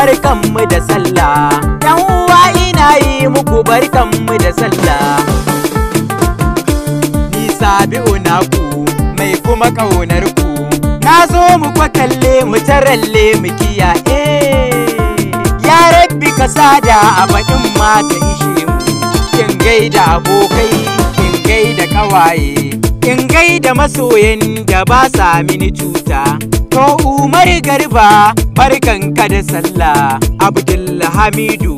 barkanmu da sallah yan uwa ina yi muku barkanmu da sallah ni sabi'u naku mai kuma kaunar ku na zo mu kalle mu taralle mu eh ya rabbi ka sada a baɗin ma ta ishe mu kin gaida abokai kin gaida kawaye kin gaida masoyan da ba sa mini cuta Umar Garba barkan ka da sallah Abdul Hamidu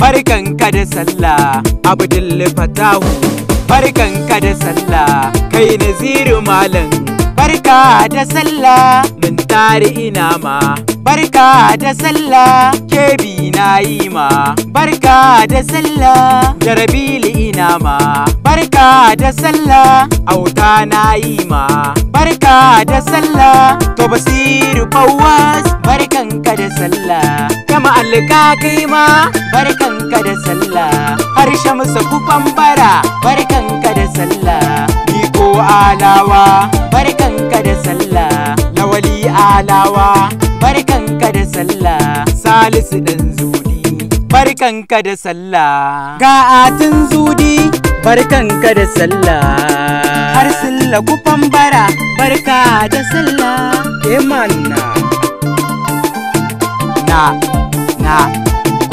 ka da sallah Abdul Fatahu barkan ka da sallah kai Naziru Malam barka da sallah mun tare ina ma barka da sallah kebi na yi ma barka da sallah jarabili ina ma barka da sallah auta na yi ma barka da sallah to basi barkan barkanka da sallah kama alka kai ma barkanka da sallah Harshen shamsa ku bambara barkanka da sallah ni ko alawa barkanka da sallah lawali alawa barkanka da sallah salisu dan zudi barkanka da sallah atin zudi barkanka da sallah sallah ku fambara barka da sallah emanna eh, na na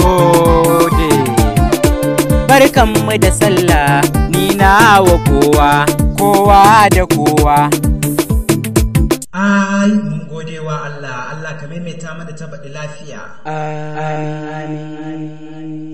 gode barkanmu da sallah ni na wa kowa kowa da kowa ai mun gode wa Allah Allah ka maimaita mana ta baɗi lafiya amin